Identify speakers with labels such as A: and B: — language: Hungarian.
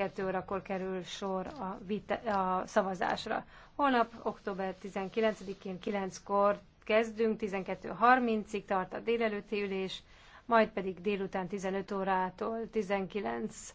A: 12 órakor kerül sor a, vita, a szavazásra. Holnap, október 19-én 9-kor kezdünk, 12.30-ig tart a délelőtti ülés, majd pedig délután 15 órától 19